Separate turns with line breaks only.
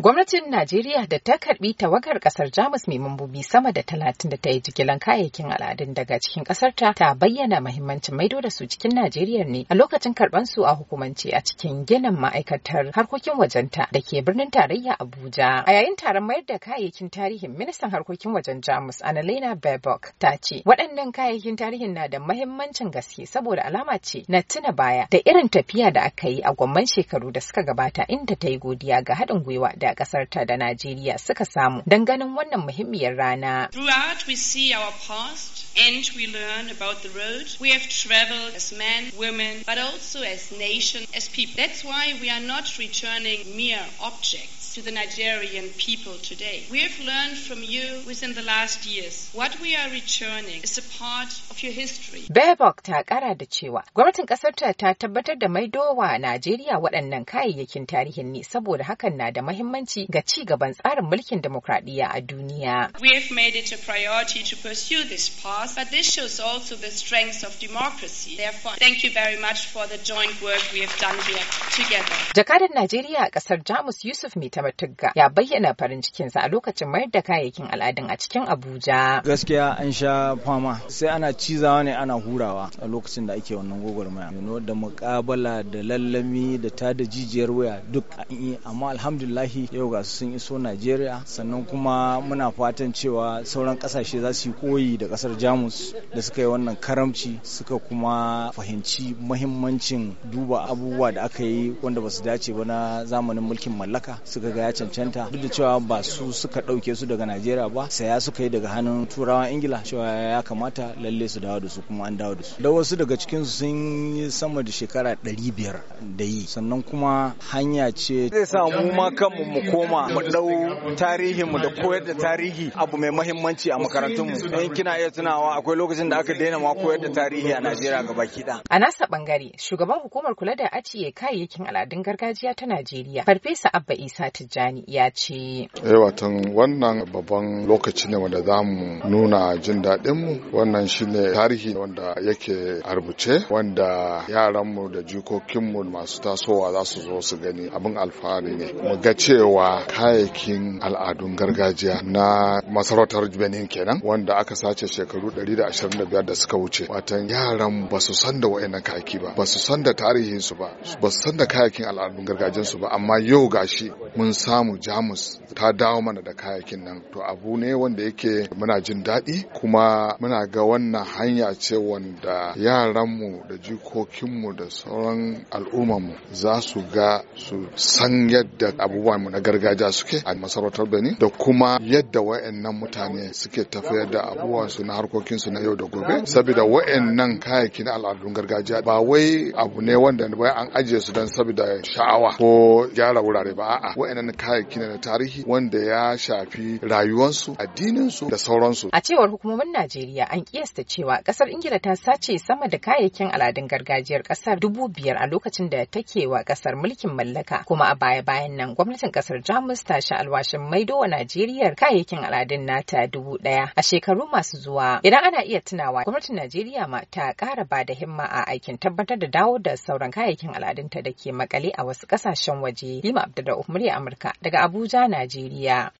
Gwamnatin Najeriya da ta karbi tawagar kasar Jamus mai mambobi sama da talatin da ta yi jigilan kayayyakin al'adun daga cikin kasar ta ta bayyana mahimmancin maido da su cikin Najeriya ne a lokacin karban su a hukumance a cikin ginin ma'aikatar harkokin wajenta da ke birnin tarayya Abuja. A yayin taron mayar da kayayyakin tarihin ministan harkokin wajen Jamus Annalena Baerbock ta ce waɗannan kayayyakin tarihin na da mahimmancin gaske saboda alama ce na tuna baya da irin tafiya da aka yi a gwamman shekaru da suka gabata inda ta yi godiya ga haɗin gwiwa da a kasar ta da Najeriya suka samu don ganin wannan muhimmiyar rana.
Throughout we see our
past and we learn about the road we have traveled as men, women, but also as nation, as people. That's why we are not returning mere objects to the Nigerian people today. We have learned from you within the last years. What we are
returning is a part of your history.
Bebok ta kara da cewa gwamnatin kasar ta ta tabbatar da maidowa Najeriya waɗannan kayayyakin tarihin ne saboda hakan na da mahimmanci ga ci gaban tsarin mulkin demokradiyya a duniya. We have made it a priority to pursue this path past, but this shows also the strength of democracy. Therefore, thank you very much for
the joint work we have done here together.
Jakadar Najeriya a ƙasar Jamus Yusuf Mitamatugga ya bayyana farin cikinsa a lokacin mayar da kayayyakin al'adun a cikin Abuja.
Gaskiya an sha fama sai ana cizawa ne ana hurawa a lokacin da ake wannan gwagwarmaya. Yano da muƙabala da lallami da ta da jijiyar waya duk amma alhamdulillahi yau ga su sun iso Najeriya sannan kuma muna fatan cewa sauran ƙasashe za su yi koyi da ƙasar Jamus. jamus da suka yi wannan karamci suka kuma fahimci muhimmancin duba abubuwa da aka yi wanda basu dace ba na zamanin mulkin mallaka suka ga ya cancanta duk da cewa ba su suka ɗauke su daga najeriya ba saya suka yi daga hannun turawan ingila cewa ya kamata lalle su dawo da su kuma an dawo da su da wasu daga cikin su sun yi sama da shekara ɗari biyar da yi sannan kuma hanya ce zai sa mu ma kanmu mu koma mu ɗau tarihinmu da koyar da tarihi abu mai muhimmanci a makarantunmu in kina iya tuna tunawa akwai lokacin da aka daina ma koyar da tarihi a Najeriya ga baki da.
A nasa bangare shugaban hukumar kula da ajiye kayayyakin al'adun gargajiya ta Najeriya Farfesa Abba Isa Tijjani ya ce.
Eh watan wannan babban lokaci ne wanda za mu nuna jin daɗin mu wannan shine tarihi wanda yake arbuce wanda wanda yaranmu da jikokinmu masu tasowa za su zo su gani abin alfahari ne mu ga cewa kayayyakin al'adun gargajiya na masarautar Benin kenan wanda aka sace shekaru shekaru 125 da suka wuce watan yaran ba su san da wayannan kayaki ba ba su san da tarihin su ba ba su san da kayakin al'adun gargajiyan su ba amma yau gashi mun samu Jamus ta dawo mana da kayakin nan to abu ne wanda yake muna jin daɗi kuma muna ga wannan hanya ce wanda yaranmu da jikokinmu da sauran al'ummarmu za su ga su san yadda abubuwanmu na gargajiya suke a masarautar ni. da kuma yadda wa'annan mutane suke tafiyar da su na harko. harkokinsu na yau da gobe saboda wa'annan kayayyakin al'adun gargajiya ba wai abu ne wanda ba an ajiye su don saboda sha'awa ko gyara wurare ba a'a wa'annan kayayyaki na tarihi wanda ya shafi rayuwarsu addininsu da sauransu a
cewar hukumomin Najeriya an kiyasta cewa kasar Ingila ta sace sama da kayayyakin al'adun gargajiyar kasar dubu biyar a lokacin da take wa kasar mulkin mallaka kuma a baya-bayan nan gwamnatin kasar Jamus ta sha alwashin maido wa Najeriya kayayyakin al'adun nata dubu daya a shekaru masu zuwa Idan ana iya tunawa, gwamnatin Najeriya ma ta ƙara ba da himma a aikin tabbatar da dawo da sauran kayayyakin al'adunta da ke makale a wasu ƙasashen waje. Lima Abdullahi Umar Amurka daga Abuja, Najeriya.